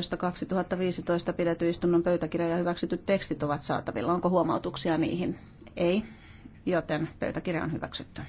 2014-2015 pidetty istunnon pöytäkirja ja hyväksytyt tekstit ovat saatavilla. Onko huomautuksia niihin? Ei, joten pöytäkirja on hyväksytty.